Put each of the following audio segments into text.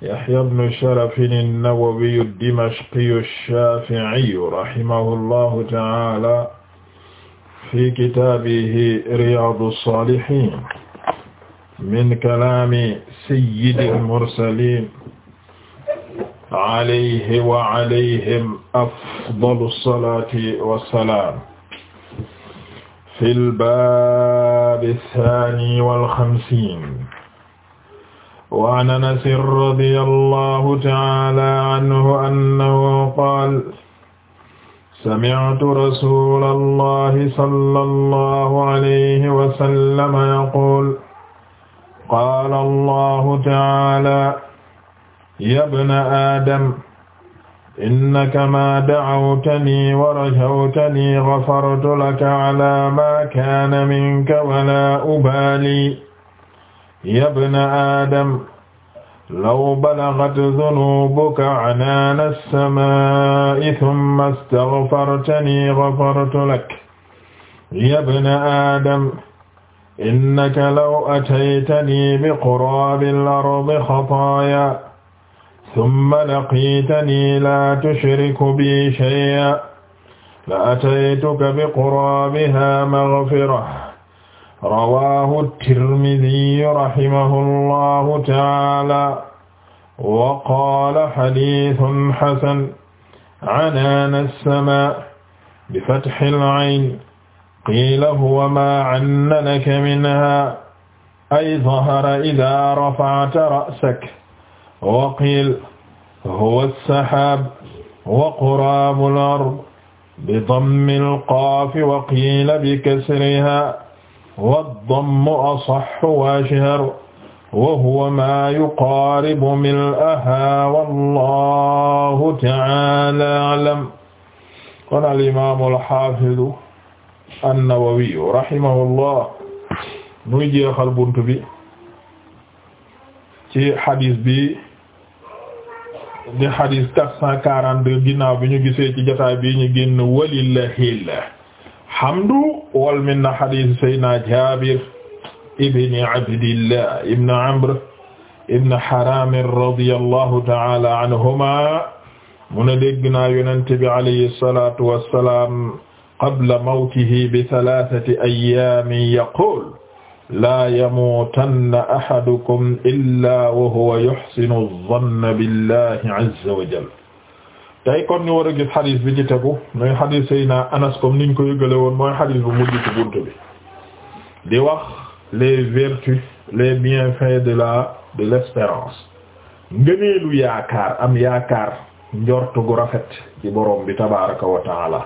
Yahya ibn Sharaf an-Nawawi ad-Dimashqi ash-Shafi'i rahimahullahu ta'ala fi kitaabihi Riyaadu s-Saalihiin min kalaami sayyidil mursaliin alayhi wa alayhim afdalu salaati wa salaam fil baabi saani wal xamsiin waan anasin radia allahu taala aanhu annahu qaal samictu rasula allahi sala allahu alayhi wasallama yaquul qaala allahu taala ya bna aadam innaka maa dacawtanii wa rajawtanii gafartu laka calaa maa kaana minka walaa ubaali yabna adam law balagat zunubuka canaana alsamai tumma astaghfartani gafartu lak yabna adam innaka law ataytani biquraabi al-ardi xataaya tumma laqiitani laa tushriku bi shay'an la ataytuka biquraabiha maghfira rawaahu tirmidi rahimahullahu taala wa qaala xadiisun xasan canaana as-samaa bi fatxil cayn qiila huwa maa cannanaka minhaa ay dahara idaa rafacta ra'sak wa qiil huwa as-saxaab wa quraabul ard bi dammil qaafi wa qiila bi kasrihaa waddammu asahhu wa ashharu wa huwa maa yuqaaribu mil'ahaa wallaahu ta'aalaa a'lam kon al-imaam al-haafidu an-Nawawi rahimahullah muy jeexal bunt bi ci xadis bi di xadis quatre cent quarante-deux ginnaaw bi ñu gisee ci jotaay bi ñu génn walillahil hamdu wal minna hadith sayyidina Jabir ibn Abdillah ibn Amr ibn Haram radiyallahu ta'ala anhuma mu ne dégg naa yonent bi alayhi salatu wa salaam qabla mawtihi bi thalathati ayyamin yaqul laa yamuutanna ahadukum illaa wa huwa yuhsinu dhanna billahi azza wa jalla tey kon ñu war a gis xadis bi ci tegu mooy xadis Seydina Anas comme niñ ko yëgale woon mooy xadis bu mujj ci buntu bi di wax les vertus les bienfaits de la de l'espérance ngëneelu yaakaar am yaakaar njortu gu rafet ci borom bi tabaraka wa taala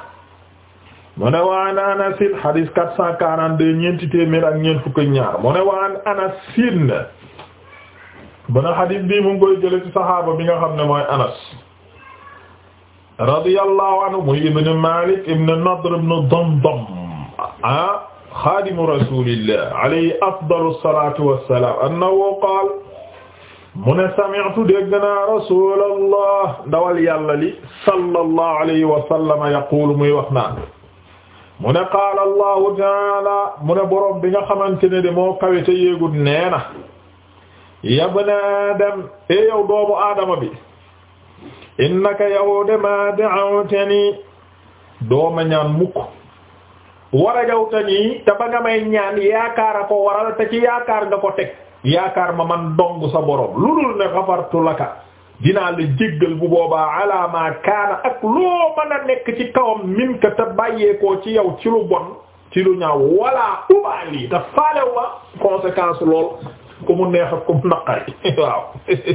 mu ne waan anasin xadis quatre cent quarante-deux ñeenti téeméer ak ñeent fukk ñaar mu ne waan anasin bana xadis bii mu ngi koy jële ci saxaaba bi nga xam ne mooy Anas radiyallahu anhu muy ibn Malik ibn Nadr ibn Damdam ah xaadimu rasulillah alayhi afdalu salatu wa salaam annahu qaala mu ne sami'tu dégg naa rasulallah ndawal yàlla li sallallahu alayhi wa sallam yaqulu muy wax naan mu ne qaala allahu taala mu ne boroom bi nga xamante ne de moo kawe te yéegul nee na ya ibna Adam e yow doomu Adama bi. innaka yow de ma da'awtani dooma ñaan mukk wara jawtani te ba nga may ñaan yaakaara ko waral te ci yaakaar nga ko teg yaakaar ma man dong sa borom lu dul ne xafartu laka dinaa la jéggal bu boobaa ala ma ak loo mën a nekk ci kawam min ka te bàyyeekoo ci yow ci lu bon ci lu ñaaw wala yi te faalew ma conséquence lool ku mu neex ak ku mu naqari waaw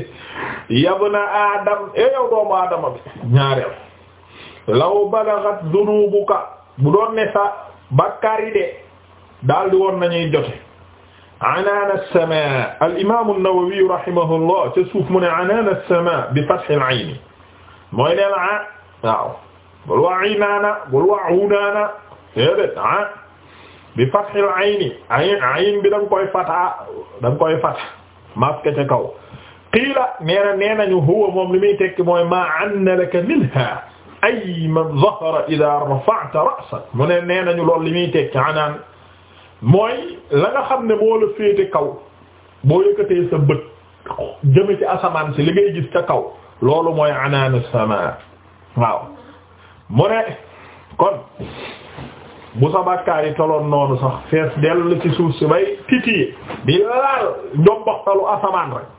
yabna adam e yow doomu adama bi ñaareel law balagat dunubuka bu doon ne sa bakkaar yi de daal di woon nañuy jote anaana as-samaa al imam an-Nawawi rahimahullah ca suuf mu ne anaana as-samaa bi fath al-ayn mooy neen a ah, waaw bul waa inaana bul waa unaana déedéet eh, ah bi fath al-ayn ayn bi da nga koy fata da nga koy fata maske ca kaw xiila nee na nee nañu huwa moom li muy tekki mooy maa anna laka minha ay man zahara ida rafa'ta ra'sak mu ne nee nañu loolu li muy tekki anaan mooy la nga xam ne moo la féete kaw boo yëkkatee sa bët jëme ci asamaan si li ngay gis ca kaw loolu mooy anaan sama waaw mu ne kon bu sa bàkkaar yi toloon noonu sax fees dell ci suuf si bay titi bi laal njombaxtalu asamaan rek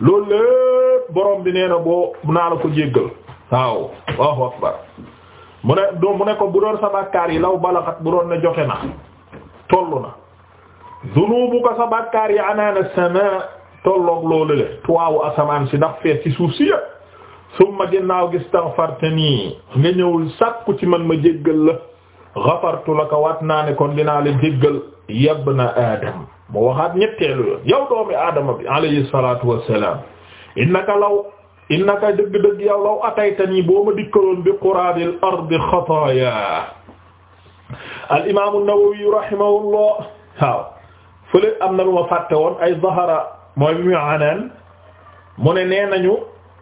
loolu lépp borom bi nee na boo naa la ko jéggal waaw waaw akbar mu ne do mu ne ko bu doon sa bàkkaar yi law balaxat bu doon ne jote na tollu na dunubuka sa bàkkaar yi anaana sama tolloog loolu le tuwaawu asamaan si ndax fees ci suuf si ya summa ginnaaw gi staghfartani nga ñëwul sàkku ci man ma jéggal la ghafartu laka waat naa ne kon dinaa la jéggal yabna adam mu waxaat ñetteelu yoon yow doomi aadama bi alayhi salatu wassalam innaka law innaka dëgg-dëgg yow law ataytani boo ma dikkaloon bi qurabil ardi xataaya al imam an-Nawawi rahimahullah waaw fële am na lu ma fàtte woon ay zahara mooy bi mu anaan mu ne nee nañu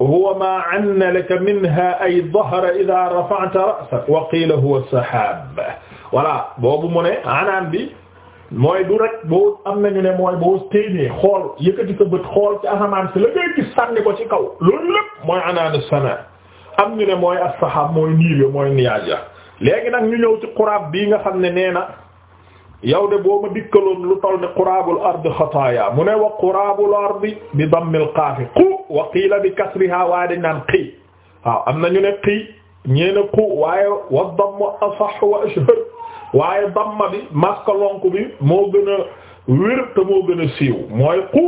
huwa ma anna laka minha ay zahara idha rafa'ta ra'sak wa qila huwa sahab voilà boobu mu ne anaan bi mooy du rek am na ñu ne mooy boo téenee xool yëkkati sa bët xool ci asamaan si la ngay gis sànni ko ci kaw loolu lépp mooy anaanu sana am ñu ne mooy as-sahab mooy niir mooy nuage ya léegi nag ñu ñëw ci quraab bii nga xam ne nee na yow de boo ma dikkaloon lu toll mu ne wa quraabul ardi bi dammil qaafi qu wa qiila bi kasriha waaye dañ naan qi am na ñu ne qi ñee ne qu wa damm asax wa ashhar waaye damma bi maska bi moo gën a wér te moo gën a siiw mooy xu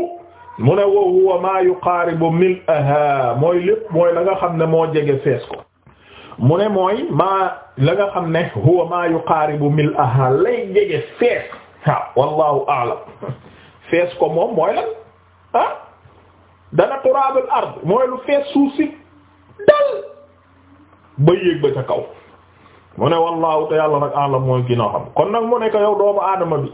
mu ne wa ma yuqaaribu mil'aha mooy lépp mooy la nga xam ne moo jege fees ko mu ne mooy maa la nga xam ne huwa ma yuqaaribu mil'aha lay jege fees waaw wallahu a'lam fees ko moom mooy lan ah dana turaabul ard mooy lu fees suuf si dal ba yéeg kaw mu ne wallaahu te yàlla nag alam mooy ki noo xam kon nag mu ne ko yow doomu aadama bi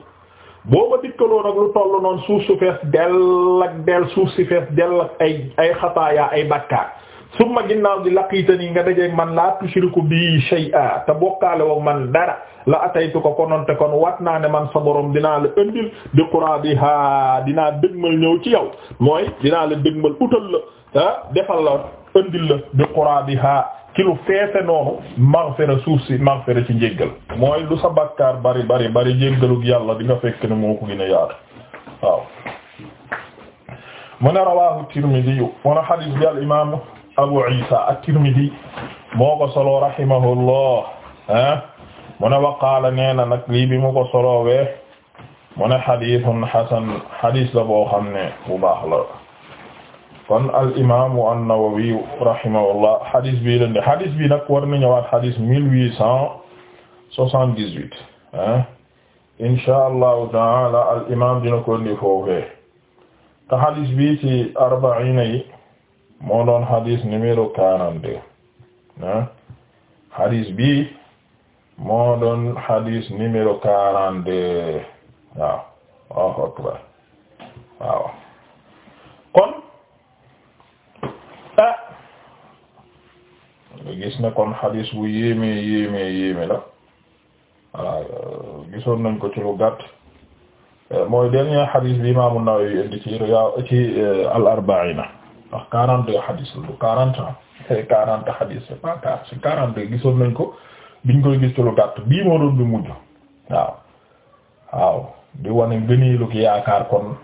boo ma dikkaloo nag lu toll noonu suuf su fees dell ak dell suuf si fees dell ak ay ay xataaya ay bakkaar summa ginnaaw di laqiitani nga dajeeg man laa tushriku bi shay'a te bokkaale woog man dara la ataytu ko kononte kon wat naa ne man sa dinaa la ëndil bi qurabiha dinaa dëgmal ñëw ci yow mooy dinaa la dëgmal utal la ah defal la ëndil la bi qurabiha ci lu feese noonu maghfira suuf si maghfira ci njéggal mooy lu sa bakkaar bari bari bari jéggalug yàlla di nga fekk ne moo ko gën yaatu waaw mu ne rawahu Tirmidi wana hadis bi al imam Abu Isa at-Tirmidi moo ko solo rahimahullah ah. mu ne nee na nag lii bi mu ko soloowee mu ne xadiisun xasan xadiis la boo xam ne bu baax la kon al imaamu an-Nawawi rahimahullah xadiis bii la ne bi nag war na ñëwaat xadiis mille huit cent soixante-dix-huit ah insha taala al imaam dina ko indi foofee te xadiis bi ci arbaina yi moo doon xadiis moo doon hadis numéro quarante deux waaw waaw akbar waaw kon ah nga gis ne kon hadis bu yéeme yéeme yéeme la voilà euh, gisoon nañ ko ci lu gàtt euh, mooy dernier hadis bi Imam An-Nawawi indi ci Riyaad ci euh, al-Arba'ina ndax quarante deux hadis la du quarante quarante hadis c'est pas quarante c'est quarante deux gisoon nañ ko biñ koy gis ci moo doon bi mujj waaw waaw di wane gëneelu ki yaakaar kon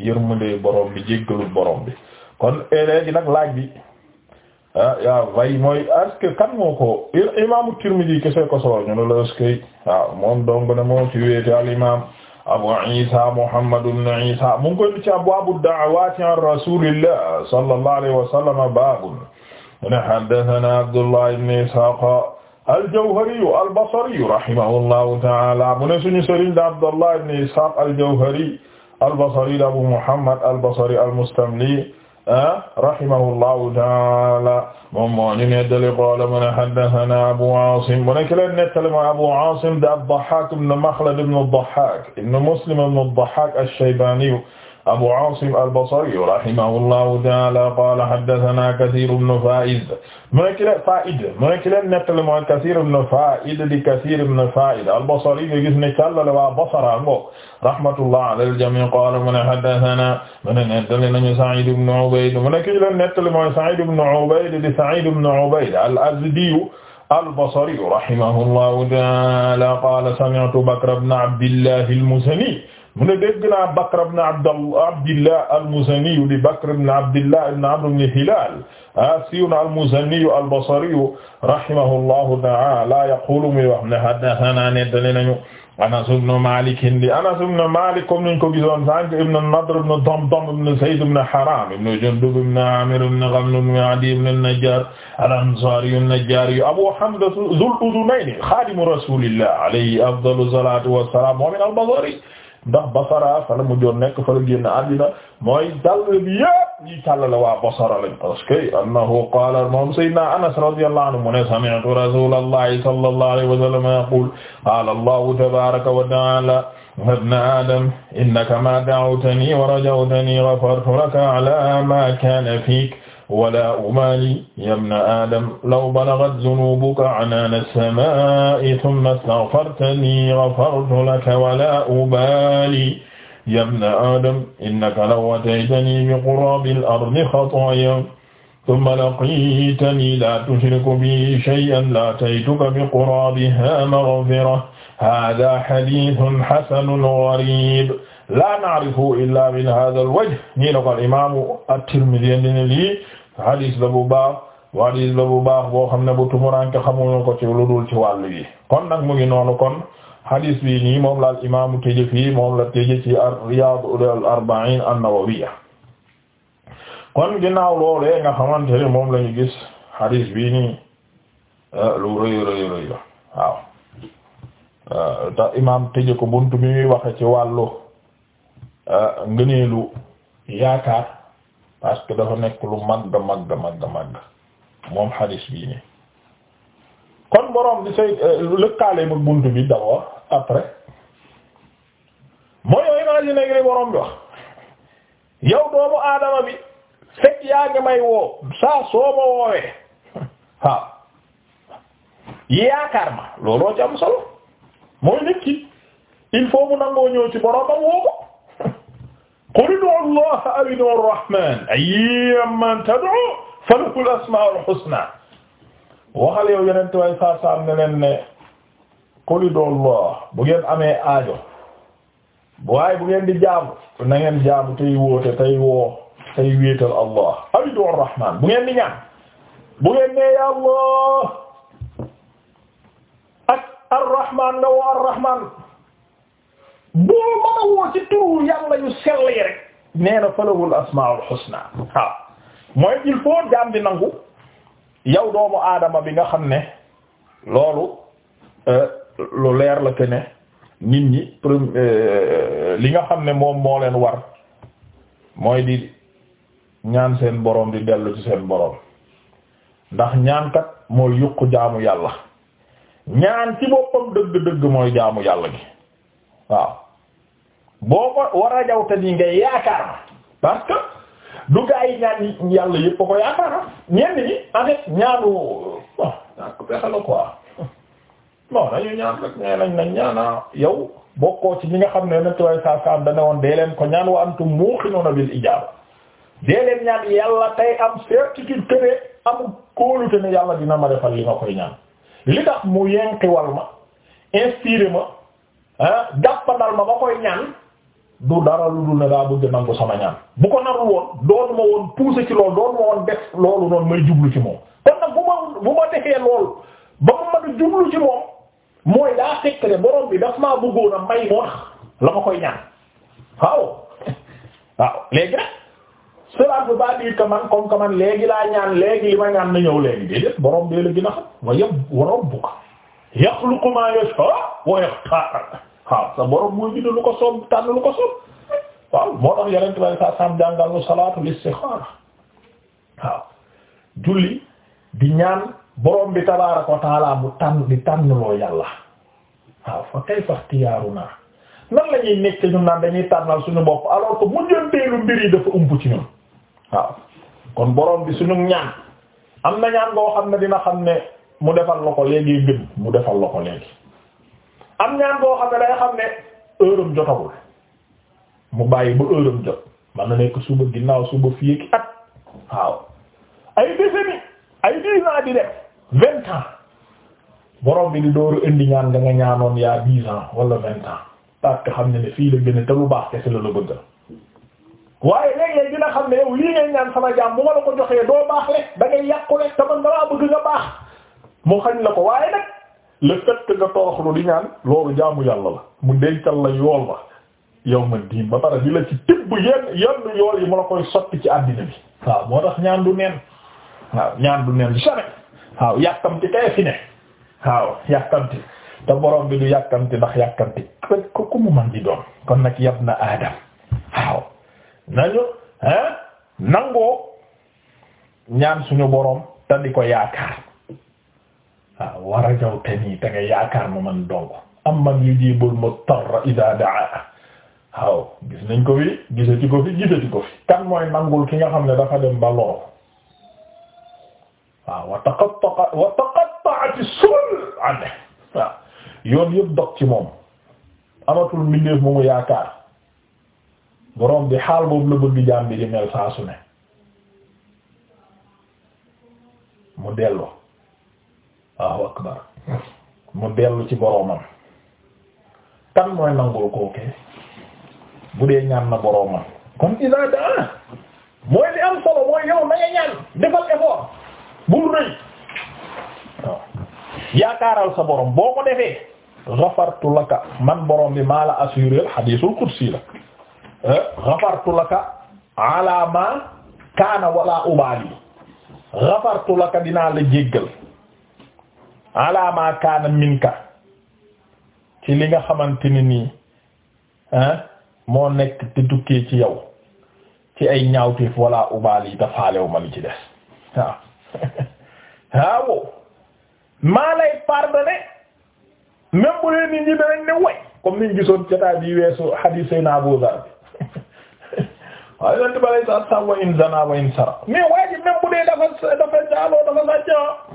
yërmande borom bi jéggalu borom bi kon léegi nag laaj bi ah yaa vay mooy est-ce que kan moo ko imaamu Tirmidhi kese ko solo ñu ne la est-ce que waaw ne moo ci wéete al imaam Abu Isa Muhammad ibn Isa mu ngi koy ci abwaabu da'awaati an Rasulillah sallallahu ne haddathana Abdullah ibn Ishaq al-Jawhariyu al-Basriyu rahimahullahu ta'ala mu ne suñu sëriñ da Abdallah ibn Ishaq al-Jawhari al-Basri da Abu Muhammad al-Basri al-Mustamli ah, rahimahullahu ta'ala moom moo ñu nettali qaala mu ne haddathana Abu Asim mu ne ki leen nettali ma Abu Asim da ad-Dahhak ibn Makhlad ibn ad-Dahhak ibn Muslim ibn ad-Dahhak ash-Shaybaniyu Abu Asim al-Basri rahimahullahu ta'ala qala haddathana Kathir ibn Fa'id mu nekk leen Fa'id mu nekk leen nettali mooy Kathir ibn Fa'id di Kathir ibn Fa'id al-Basri nga gis ne kàlla la waa Basra ngoo rahmatullah ala al-jami' qala mu ne haddathana mu ne nettali nañu Sa'id ibn Ubayd mu nekk leen nettali mooy Sa'id ibn Ubayd di Sa'id ibn Ubayd al-Azdi al-Basri rahimahullahu ta'ala qala sami'tu Bakr ibn Abdillah al-Muzani mu ne dégg naa Bakr ibn Abdillah al-Muzani di Bakr ibn Abdillah ibn Amr ibn Hilal asiyun ah, al-Muzani al-Basri rahimahullahu ta'ala yaqulu muy wax ne haddathana nettali nañu Anas ibn Malik di Anas ibn Malik comme niñ ko gisoon sànq ibn Nadr ibn Damdam ibn Zayd ibn Haram ibn Jundub ibn Amir ibn Ghanm ibn Adi ibn an-Najjar al-Ansari an-Najjari Abu Hamza dhul udhunayn khadim rasulillah alayhi afdalu salatu wassalam wa min al-Basri ndax Basara fa la mujjoon nekk fa la génn àddina mooy dàll bi yëpp ñi tàllale waa Basara lañ parce que annahu qaala moom sayyidina Anas radiyallahu anhu mu ne sami'tu rasulallahi sallallahu alayhi wa sallam yaqul qaala allahu tabaraka wa ta'ala ibna adam innaka ma da'awtani wa rajawtani ghafartu laka ala ma kana fik wala umaali yabna adam law balagat zunubuka anaana samaa'i thumma astaghfartani ghafartu laka wala ubaali yabna adam innaka law ataytani bi quraabil ardi khataaya thumma laqiitani laa tushriku bi shay'an laa ataytuka bi quraabihaa maghfiratan haadhaa hadiithun hasanun ghariib laa na'rifu illaa min haadhal wajh nii la ko al imaamu at-Tirmidhi hadis la bu baax bu hadis la bu baax boo xam ne bu tumuranke xamuñu ko ci lu dul ci wàll yi kon nag mu ngi noonu kon hadis bi nii moom la al imaamu tëjee fii moom la tëjee ci Riyaad al Arba'iin an-Nawawiyya kon ginnaaw loolee nga xamante ne moom la gis hadis bii nii eh, lu rëy rëy rëy waaw eh, te imaam tëjee ko buntu bi muy waxe ci wàllu eh, lu yaakaar. parce que dafa nekk lu magga magga magga magga moom xadis bii nii kon boroom di say euh, lëkkaale mag bunt bi d'abord après mooy yow imaginer ngi boroom bi wax yow doomu aadama bi fekk yaa ngi may woo saa soo ma woowee yaakaar ma looloo ci mooy nit il faut mu nangoo ñëw ci boroom ba woo ko qul ud'u allaha aw ud'u arrahman ayyaman tad'u falahu al-asma'ul husna waxal yow yenente way saasam ne leen ne qul ud'u allah bu ngeen amee aajo waaye bu ngeen di jaamu na ngeen jaamu tey woote tey woo tey wéetal allah aw ud'u arrahman bu ngeen di ñaan bu ngeen ne ya allah ak arrahman nga woo arrahman boo mën a woo ci turu yàlla yu sell yi rek nee na falawul asmaul husna waaw mooy il faut jaam di nangu yow doomu aadama bi nga xam ne loolu euh, lu leer la ke ne nit ñi euh, li nga xam ne moom moo leen war mooy di ñaan seen boroom di dellu ci seen boroom ndax ñaankat mooy yuq jaamu yàlla ñaan ci boppam dëgg-dëgg mooy jaamu yàlla gi waaw boo ko war a jaww te nii ngay yaakaar ma parce que du gaa yi ñaan yàlla yëpp ko yaakaar na ñenn ñi en fait ñaanu bon ñaan ko pexe la quoi bon dañu ñaan rek nee nañ nañ ñaana ah, yow bokkoo ci ñi nga xam ne yonent way saa saam da ne woon dee leen ko ñaan wa antum muuqinuuna bil ijaaba dee leen ñaan yàlla tey am certitude que ne amul kóolute ne yàlla dina ma defal li ma koy ñaan li tax mu yenqiwal ma inspiré ma. Ah, jàppandal ma ba dara lu dul ne daa bëgg bu ko narul woon doonu ma woon pousser ci loolu jublu ci moom kon bu ma bu ma defee loolu ba ma mën a jublu ci mooy daa fekk ne borom bi daf maa bëggoon a may moo tax la ma koy ñaan waaw waaw léegi nag cela veut pas dire que man comme léegi laa ñaan léegi li ma ñaan na ñëw léegi déedéet borom bee la gën a xam wa yab waroon bu ko yaxluqu maa yashaa wa sa borom mooy bind lu ko soob tànn lu ko soob waaw moo tax yonent bi saa saam jàngal nu salaatul istixaara waaw julli di ñaan borom bi tabaaraka wa taala tànn di tànn loo yàlla waaw fa kayfa ixtiyaarunaa nan la nekk ñun naan dañuy tànnal suñu bopp alors que mujjanteelu mbir yi dafa ump ci ñun waaw kon borom bi suñu ñaan am na ñaan boo xam ne dina xam ne. mu defal la ko léegi gën mu defal la ko léegi am ñaan boo xam ne day xam ne heure am jotagul mu bàyyi ba heure am jot man na nekk suba ginnaaw suba fii ak at waaw ay décennies ay dix di def vingt ans borom bi di dooru indi ñaan nga nga ñaanoon yaa dix ans wala vingt ans parce que xam ne ne fii la gën te lu baax kese la la bëgg waaye léeg-léeg dina xam ne yow lii ngay ñaan sama jaam bu ma la ko joxee doo baax le da ngay yàqule te man nga laa bëgg mu xañ la ko waaye nag le fait que nga toroxlu di ñaan loolu jaamu yàlla la mu dencal la yool ma diin ba pare di la ci tibb yenn yenn yool yi mu la koy sotti ci àddina bi waaw moo tax ñaan du neen waaw ñaan du neen jamais waaw yàkkamti kay fi ne waaw yàkkamti te borom bi du yàkkamti ndax yàkkamti ko ku mu man di doon kon nag yab na aadam waaw nañu hein nangoo ñaan suñu borom te di ko yaakaar waaw war a jaw te nii te nga yaakaar ma man dong am man yujibul muttarra idha da'a waaw gis nañ ko fi gisati ko fi gisati ko fi kan mooy nangul ki nga xam ne dafa dem ba lool waaw wa taqatta'a wa taqatta'ati sul anhu waaw yoon yëpp dog ci moom amatul mbindeef mu mu yaakaar borom bi xaal boobu la bëgg jaam bi di mel saa su ne mu delloo waaw akbar mu dellu ci boroomam kan mooy nangul kookee bu dee ñaan na boroomam kon iza daa mooy li am solo mooy yow na ñaan defal effort bul rëy yaakaaral sa borom boo ko defee ghafartu laka man borom bi maa la assuré hadiisul qudsi la eh, ghafartu laka ala kaana wala ubaali ghafartu laka dinaa la jéggal ala ma minka ci li nga xamante ne nii ah moo nekk te tukkee ci yow ci ay ñaawteef wala ubaal yi tafaalew ma ci des waaw waaw maa lay pardonné même bu leen nit ñi danañ ne way comme niñ gisoon jotaay bi weesu hadith Seydina Abu waaye yonent bi alayhi salaatu salaam wa in zana wa in saraq mais waa ji même bu dee dafa dafa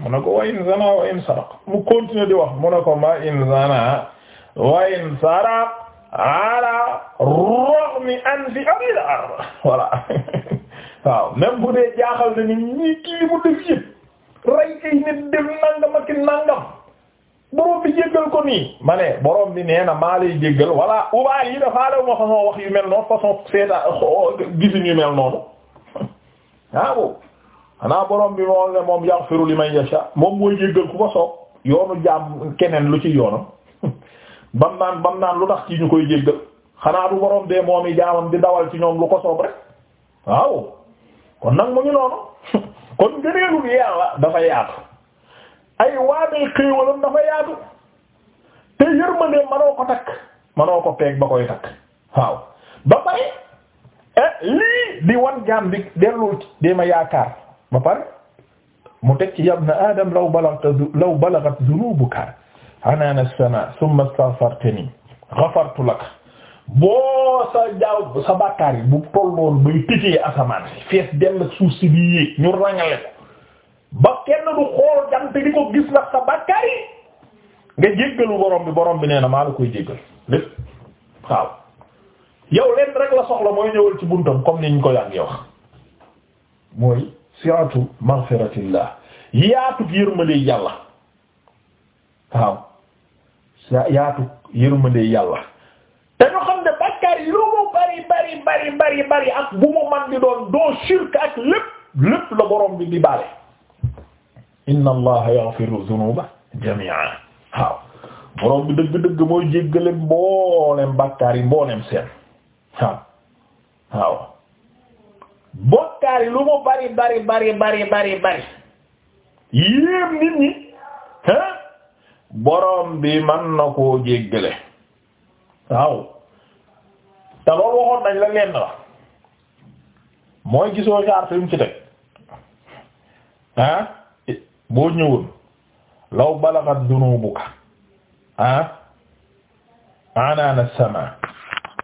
mu ne ko wa in zana wa in saraq mu continuer di wax mu ne ko ma in zana wa in saraq ala ra'mi anfi abil ard voilà waaw même bu dee jaaxal na ni ñii kii mu def yëpp rey ay nit def nangam ak nangam borom bi jéggal ko nii ma ne borom bi nee na maa lay jéggal walla ubaay yi dafaa la wax moo wax yu mel noonu façon seeta gisuñ yu mel noonu waaw ah xanaa borom bi moo ne moom yaghfiru liman yasha moom mooy jéggal ku ko soob yoonu jaam keneen lu ci yoonam bam naan bam naan lu tax ci ñu koy jéggal xanaa du borom dee moom yi jaamam di dawal ci ñoom lu ko soob rek waaw kon nag mu ngi noonu kon gëneelul yàlla dafa yaatu ay waamee xéewalam dafa yaatu te yërmande manoo ko takk manoo ko peeg ba koy takk waaw ba pare eh, lii di wan jaam bi dellul de ma yaakaar ba pare mu teg ci yabna adam law balagta law balagat zunubuka anaana as-samaa thumma astaghfartani ghafartu laka boo sa jaaw sa bàkkaar yi bu tolloon bay tëjee asamaan fees dem suuf si bi yéeg ñu rangale ko ba kenn du xool jant di ko gis nag sa bàkkaar nga jéggalu borom bi borom bi nee na maa la koy jéggal lépp waaw yow leen rek la soxla mooy ñëwal ci buntam comme ni ñu ko yàgg wax mooy si'atu maghfiratillah yaatu yërmande yàlla waaw yaatu yërmande yàlla te ñu xam ne bàkkaar yi lu bari bari bari bari bari ak bu mu man di doon doo shirk ak lépp lépp la borom bi di baale inna allaha yaghfiru dhunuba jami'a waaw borom bi dëgg-dëgg mooy jéggale mboolem bàkkaar yi mboolem seen waaw waaw bokkaar yi lu mu bari bari bari bari bari bari yéem nit ñi ah borom bi man na koo jéggale waaw te loolu waxoon nañ la lenn la mooy gisoo jaar fi mu ci teg ah boo ñëwoon law balagat dunubuka ah anaana sama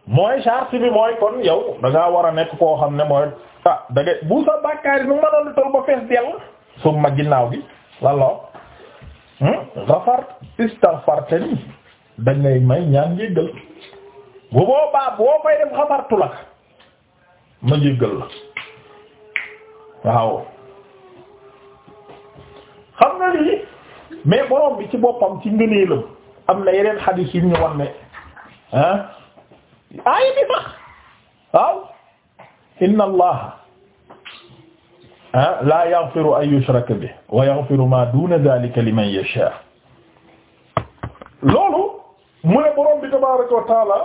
mooy charte bi mooy kon yow da war a nekk koo xam ne mooy ah bu sa bàkkaar nu mënoon a toll ba fees dell summa ginnaaw gi lan la hmm? gafar istaghfarta ni da ngay may ñaan jéggal bu boobaa boo fay dem xafartu la ma jéggal la waaw xam nga lii mais borom bi ci boppam ci am na yeneen xadiis yu ñu wax ne bi sax waaw inna allaha ah la yaghfiru an yushraka bihi wa yaghfiru ma duna dhalika liman yasha loolu mu ne borom bi wa taala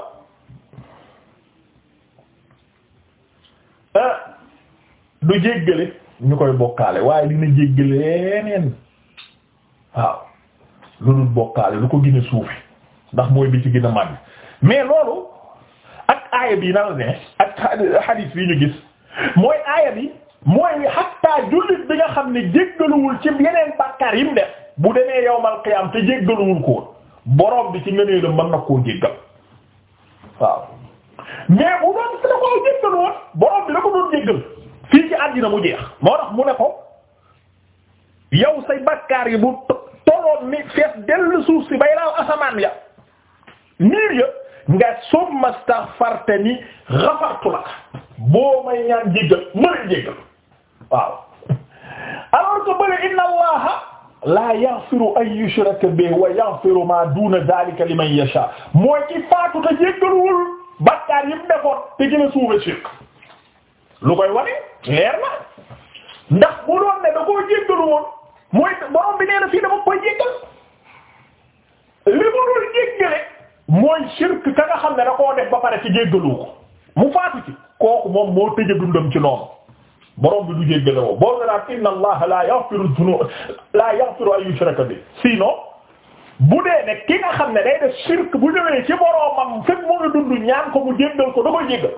du jéggale ñu koy bokkaale waaye dina jéggal leneen waaw lu dul bokkaale lu ko gën a suufi ndax mooy bi ci gën a màgg mais loolu ak aaya bi na ne ak hadith bi ñu gis mooy aaya bi mooy hatta jullit bi nga xam ne jéggaluwul ci yeneen bàkkaar yi mu bu demee yowmal qiyam te jéggaluwul ko boroom bi ci ngëneelam mën na koo jéggal waaw mais bu doon da koo jéggal woon borom bi la ko doon jéggal fii ci àddina mu jeex moo tax mu ne ko yow say bakkaar yi bu toloon ni fees dell suuf si bay laaw asamaan ya niir ya nga summa staghfartani ghafartu lak boo may ñaan jéggal ma lay jéggal waaw alors que bële inna la yaghfiru an yushraka bihi wa yaghfiru ma duna dhalika liman yasha mooy ki faatu te jéggaluwul bakkaar yi mu defoon te gën a suufe shirk lu koy wane leer na ndax bu doon ne da koo jéggalu woon mooy borom bi nee na fii dafa koy jéggal li mu dul jéggale mooy shirk ka nga xam ne da koo def ba pare ci jéggalu ko mu faatu ci kooku moom moo tëje dundam ci noonu borom bi du jéggale woo boo nga naan inna allaha la yaghfiru dhunub la yaghfiru an yushraka bi sinon bu dee ne ki nga xam ne day def shirk bu ñëwee ci boromam fekk mu ngi dund ñaan ko mu jéggal ko da koy jéggal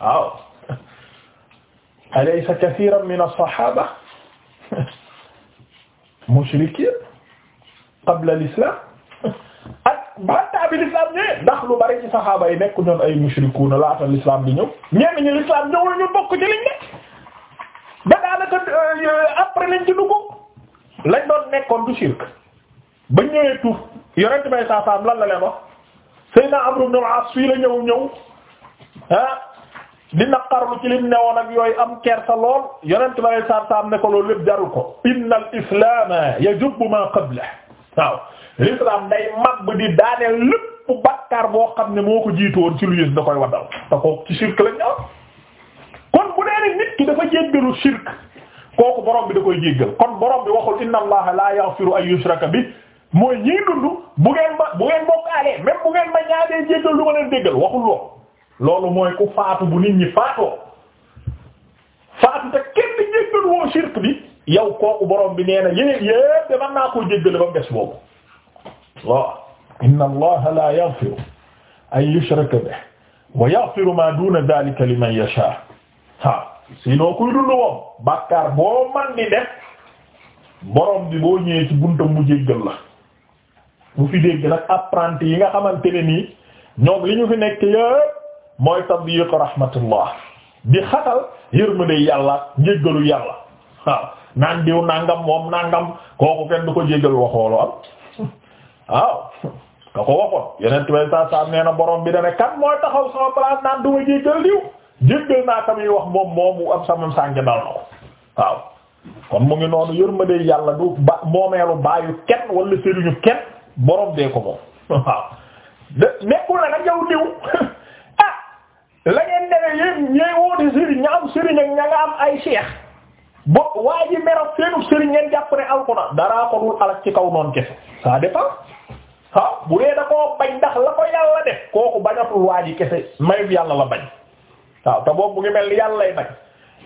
waaw alaysa kathiran min as-sahaba mushrikin qabla l'islam ak banta bi l'islam ñëwee ndax lu bari ci saxaaba yi nekk ñoon ay mushrikuuna laata l'islam di ñëw ñenn ñi l'islam ñëwul ñu bokk ci liñ nekk ba daanaka euh, après lañ ci duggu lañ doon nekkoon du shirk ba ñëwee tuuf yorent bay saasaam lan la leen wax Seydina Amru as fii la ñëw ñëw ah di naqarlu ci lim newoon ak yooyu am kersa lool yonent ba lay saar-saam ne ko loolu lépp jarul ko inna al islama yajubbu ma qabla waaw l'islam day mag di daaneel lépp bàkkaar boo xam ne moo ko jiitu woon ci lu yës da koy waddal te ko ci shirk lañ am kon bu dee nit ki dafa jéggalu shirk kooku borom bi da koy jéggal kon borom bi waxul inna allaha la yaghfiru an yushraka bi mooy ñii dund bu ngeen ma bu ngeen bokkaalee même bu ngeen ma ñaanee loolu mooy ku faatu bu nit ñi faatoo faatu te kenn jéggal woo shirk bi yow kooku borom bi nee na yéen yépp de man naa koo jéggale ba mu boobu inna allaha la yaghfiru an yushraka bihi wa yaghfiru ma duna dhalika liman yasha waaw sinon kuy dund moom bàkkaar boo man di def borom bi boo ñëwee ci mu jéggal la mu fi dégg nag apprenti yi nga xamante ne nii ñoom li ñu fi nekk yépp mooy tadyiq rahmatullah di xatal yërmande yàlla njéggalu yàlla waaw naan diw nangam moom nangam kooku kenn du ko jéggal waxoolu am waaw ka ko waxoon yeneen tubay saa saa nee na boroom bi da ne kan mooy taxaw sama place naan du ma jéggal diw jéggal naa tamit wax moom moomu am sama sànge dal na ko waaw kon mu ngi noonu yërmande yàlla du ba moomeelu baayu kenn wala sëriñu kenn borom dee ko moom waaw nekkul na nag diw la ngeen demee yéen ñooy woote sëriñ ña am sëriñ ak ña nga am ay cheikh bo waa ji merok seenu sëriñ ngeen jàpp ne alxuraan daraa ko dul alal ci kaw noonu kese ça dépend waaw bu dee da koo bañ ndax la ko yàlla def kooku bañatul waa ji kese mayut yàlla la bañ waaw te boobu ngi mel ni yàlla lay bañ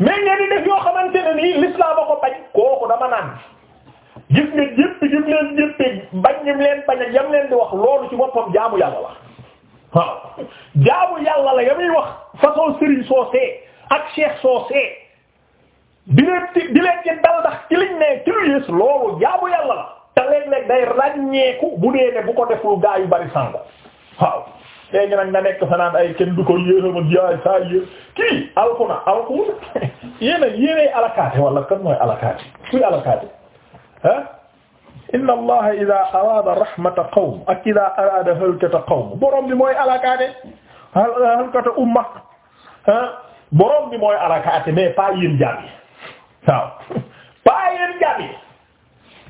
mais ngeen di def yoo xamante ne nii l'islam bañ kooku dama naan gis nga jëpp jëm leen jëppee bañ ñim leen bañ ak yam leen di wax loolu ci boppam jaamu yàlla wax waaw jaamu la ya muy wax façon Serigne soosee ak Cheikh soosee di leen ci di leen ci dal ndax ci liñ ne ci lu loolu jaamu yàlla la te léeg-léeg day ràññeeku bu dee ne bu ko deful gaa yu bari sangu waaw léegi nag nga nekk fa naan ay kenn du ko yéex a jaay saa yéex kii alku na alku yéen a yéenay alakaate wala kan alakaate kuy alakaate ah. inna allaha ida araada rahmata qawm ak ida araada halkata qawm borom bi mooy alakaate halkata umma borom bi mooy alakaate mais pas yéen jàmm yi waaw pas yéen jàmm yi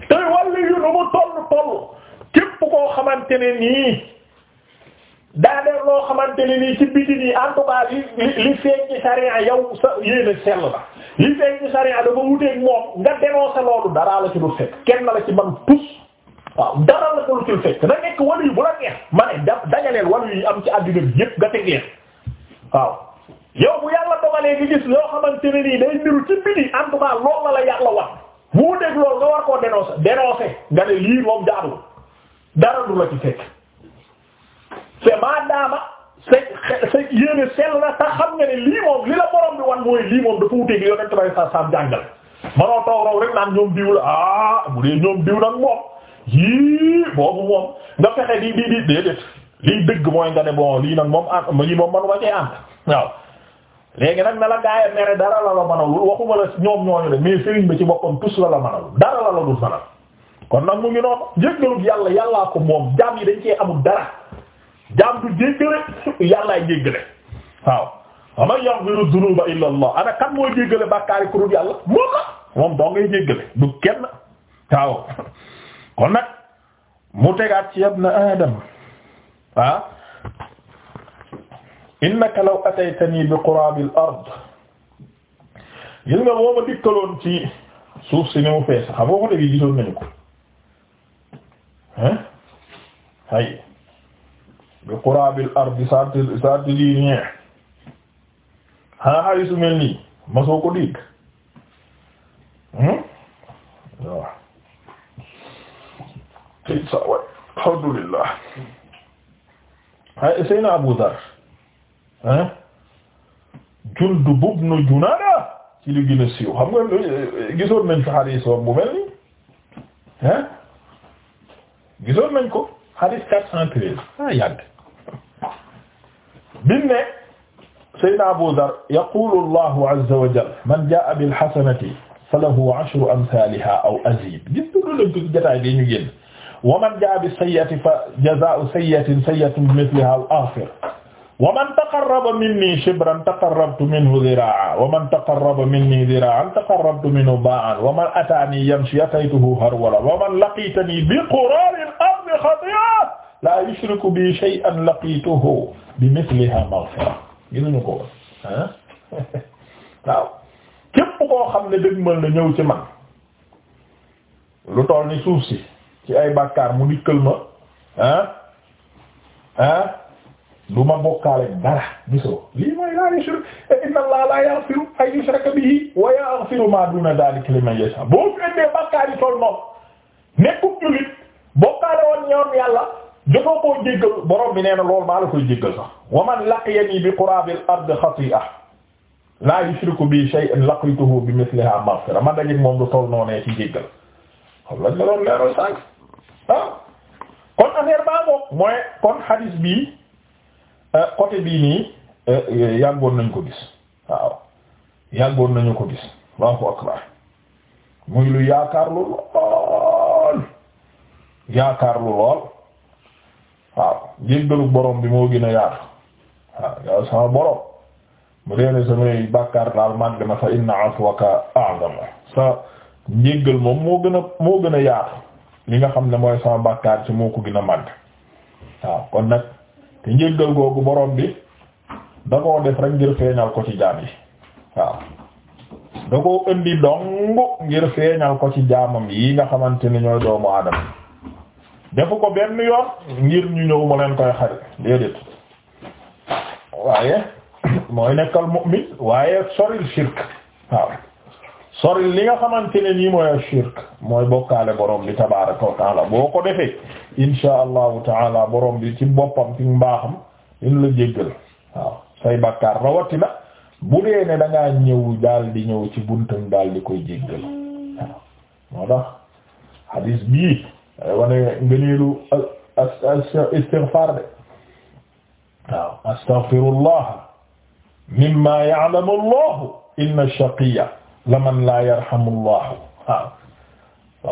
te wàllu yu nu mu toll toll képp koo xamante ne nii daa def loo xamante ne nii ci biti nii en tout cas li li feeñ ci sariya yow sa yéene sell la li feeñ ci sariya dafa wuteeg moom nga dénoncé loolu daraa la ci du fekk kenn la ci man tus waaw dara la ko lu ci fekk na nekk wàllu bu la neex ma ne da dajaleel wàllu am ci àddina bi yépp nga tegee waaw. yow bu yàlla dogalee gi gis loo xamante ne nii day niru ci biti en tout cas la la yàlla wax bu dégg loolu nga war koo dénoncé dénoncé nga ne lii moom jaarul dara du la ci fekk c'est ma sa sa yéene sell na tax xam nga ne lii moom li la borom bi wan mooy lii moom dafa wuteeg yow dañu koy saaf saaf jàngal. manoo toog raw rek naan ñoom diw la ah bu dee diw nag moom yii moom nga fexe di di liy dëgg mooy nga ne bon lii ah, la yi mere dara la la manalul waxuma la ñoom ñooñu de mais sëriñ bi ci boppam tus la la manalul dara la la dul manal kon nag mu ngi noonu jéggalul yàlla yàllaa ko moom jaam yi dañ cee amul dara. jaam du jéggale yàllaay jéggale waaw wa man yaghfiru dhunuba illa allah ana kan mooy jéggale bàkkaari ku dul yàlla moom la moom doo ngay jéggale du kenn waaw kon nag mu tegaat ci ibn adam ah innaka law ataytani bi qurabil ard gis nga boo ma dikkaloon ci suuf si ni mu fees xam nga ko dégg gisoon nañu ko hein hay bi qurabil ardi sat sat lii ñee xanaa xayi su mel nii masoo ko dégg hmm? waaw tëj sa waay alhamdulillah ay seyna Abu Dar hein Jundub ibn Junaada ci li gën a siiw xam nga nañ fi xadiis woon bu mel nii hein gisoon nañ ko xadiis quatre cent treize ah yàgg bimu ne sayyidina Abu Dharr yaqulu Allahu azza wa jalla man jaa'a bil hasanati falahu ashru amthaliha aw azid gis tudd lañ ko ci jotaay bi ñu génn wa man jaa'a bis sayyi'ati fa jazaa'u sayyi'atin sayyi'atun mithliha aw aghfir wa man taqarraba minni shibran taqarrabtu minhu dhiraa'a wa man taqarraba minni dhiraa'an taqarrabtu minhu baa'an wa man ataani yamshi ataytuhu harwalan wa man laqiitani bi quraarin ardi khatii'atin laa yushriku bi shay'an laqiituhu bi misliha maghfira gisuñu ko woon ah waaw képp koo xam ne dëgmal na ñëw ci man lu toll ni suuf si ci ay bàkkaar mu dikkal ma ah ah du ma bokkaale dara gisoo lii mooy laa yushrik inna allaha la yaghfiru an yushraka bihi wa yaghfiru ma duna dhalika liman yasha boo ñu indee bàkkaar toll noonu nekkul jullit bokkaale woon ñoom yàlla jotoo koo jéggal borom bi nee na loolu maa la koy jéggal sax wa man laqiyani bi qurabil ard xati'a la yushriku bi shay'an laqituhu bi misliha maghfira man dajeg moom du toll noonee ci jéggal xam lañ la doon leeral ah. kon affaire baa boog mooy kon hadis bii euh, côté bii nii euh, yàggoon nañ ko gis waaw yàggoon nañu ko gis Allahu akbar muy lu yaakaar lu lool yaakaar lu lool jéggalu borom bi moo gën a yaatu waaw yow sama borom bu dee ne samay bàkkaar daal màgg na fa inna afwaka a'zam sa njéggal moom moo gën a moo gën a yaatu li nga xam ne mooy sama bàkkaar ci moo ko gën a màgg waaw kon nag te njéggal googu borom bi da koo def rek ngir feeñal ko ci jaam yi waaw da indi dong ngir feeñal ko ci jaamam yi nga xamante ni ñooy doomu aadama defu ko benn yoon ngir ñu ñëw mu leen koy xarit déedéet waaye mooy nekkal mu'min waaye soril shirk waaw soril li nga xamante ne nii mooy shirk mooy bokkaale borom bi tabaaraka wa taala boo ko defee insha allahu taala borom bi ci boppam ci mbaaxam dina la jéggal waaw say bakkaar rawatina bu dee ne da ñëw daal di ñëw ci buntam daal di koy jéggal waaw moo tax hadis bii. day wane ngëneelu istighfar de waaw astaghfirullah mimma ya'lamu allah inna shaqiya laman la yarhamu la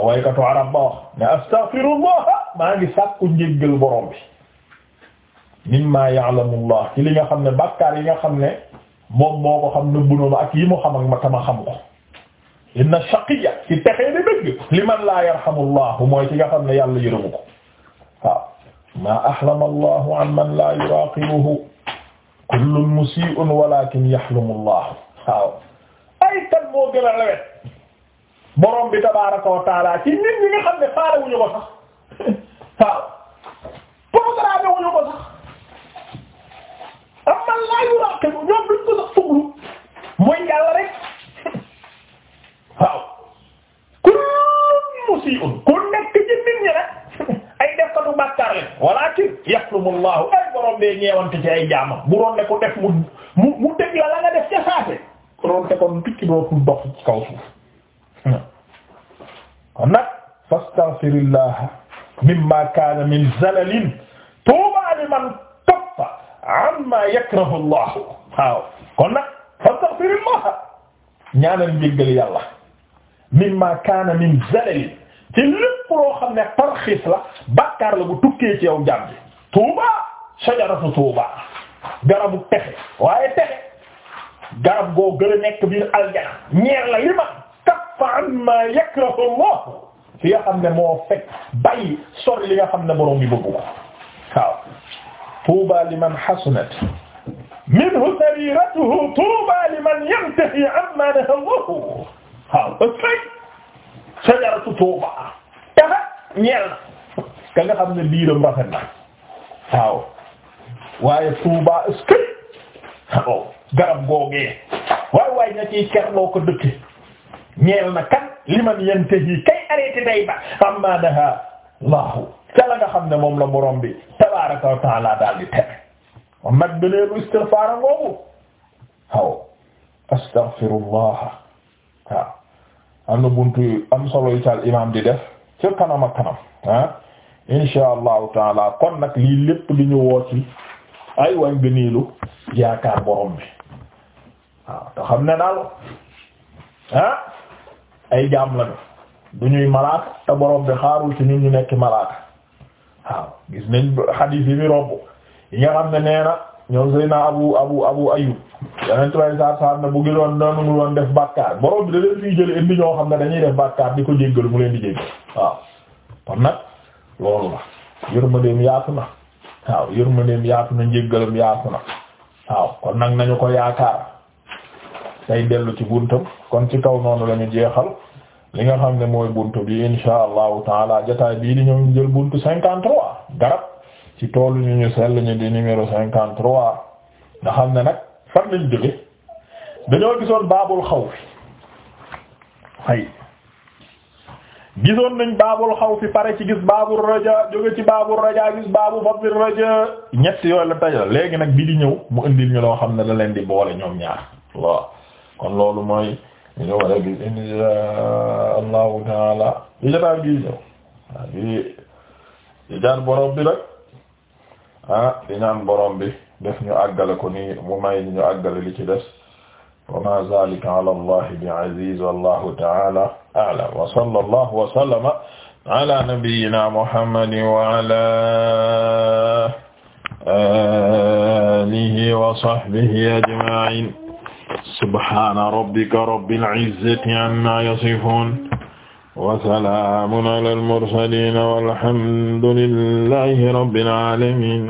waykatu arab ba wax ne astaghfirullah maa ngi sàkku njéggal borom bi mimma ya'lamu allah ci li nga xam ne bàkkaar yi nga xam ne moom moo ko xam nëbbu na ma ak yi xam ak ma tama xam ko inna shaqiya ci texee di dëgg li man laa yarhamu llahu mooy ci nga xam ne yàlla yërëmu ko waaw maa ahlama allahu an man laa yuraqibuhu kullun musii'un walakin yaxlumu llahu waaw ay tan moo gën a lawet borom bi tabaraka wa taala ci nit ñi nga xam ne faale wuñu ko sax waaw programme wuñu ko sax am man laa yuraqibu ñoom duñ ko sax fuglu mooy yàlla rek waaw kullun musii'un ku nekk ci nit ñi rek ay def ko du bàkkaar leen walaakin yaxrumullahu ay borom bee ñeewante ci ay jaamam bu doon ne ku def mu mu mu dëgg la la nga def ca saase ku doon te kon tukki dootul dox ci kaw suuf kon nag fastaghfirillaha mimma kaana min zalalin tuubaa liman kaffa amma yakrahu allah waaw kon nag fastaghfirillah ñaanal njéggal yàlla mimma kaana min zalali ci lépp loo xam ne tarxiis la bàkkaar la bu tukkee ci yow jàmbi tuuba sajaratu tuuba garabu texe waaye texe garab goo gën a nekk biir aljana ñeer la li ma kaffa amma yakrahu Allah fi nga xam ne moo fekk bàyyi sori li nga xam ne borom bi bëggu ko waaw tuuba liman hasunat minhu sariratuhu tuuba liman yantahi amma nahawahu waaw ëppay sajaratu tuuba texe ka nga xam ne biiram rafet na waaw waaye tuuba ëskay waaw garab googee waay waay ña ciy kerloo ko dëkke ñeel kan liman yantahi kay arrêté day ba amma naha laahu ca la nga xam ne moom la borom bi wa taala daal di tere kon nag gëneelu istighfar ngoogu waaw astaghfirullah waaw am na buntu am solo yi al imaam di def ci kanam ak kanam ah insha allahu taala kon nag lii lépp di ñu woo ci ay wañ gëniilu yaakaar borom bi waaw te xam ne daal ah ay jaam lañu du ñuy malaat te borom bi xaarul ci ñun ñu nekk malaat waaw gis nañ xadiis yi mi romb yi nga xam ne nee na ñoom Seydina Abu Abu Abu Ayyub yeneen tubaab yi saa saa ne bu gënoon noonu mu doon def bàkkaar borom bi da leen fiy jëlee indi ñoo xam ne dañuy def bàkkaar di ko jéggal leen di jéggal waaw kon nag loolu na nañu ko yaakaar day dellu ci buntam kon ci kaw noonu la ñu jeexal li nga xam ne mooy buntu bi insha allahu taala jotaay bii di ñëw jël buntu 53 garab. ci toolu ñu ñu sell ñu di numéro cinquante trois nga xam ne nag fan lañ jóge dañoo gisoon baabul xawfi ay gisoon nañ baabul xawfi pare ci gis baabul raja jóge ci baabul raja gis baabu fadlir raja ñett yooyu la taj la léegi nag bi di ñëw mu indi ñu loo xam ne da leen di boole ñoom ñaar waaw kon loolu mooy ñu war a gis insha allahu taala yi jotaay bii ñëw waaw bi jaar borom bi rek ah di ñaan borom bi def ñu àggale ko nii mu may ñu àggale li ci des wa ma zalika ala allahi bi aziz wallahu ta'ala a'lam wa sallallahu wa sallama ala nabiyyina muhammadin wa ala alihi wa sahbihi ajma'in subhana rabbika rabbil izzati amma yasifun وسلام على المرسلين والحمد لله رب العالمين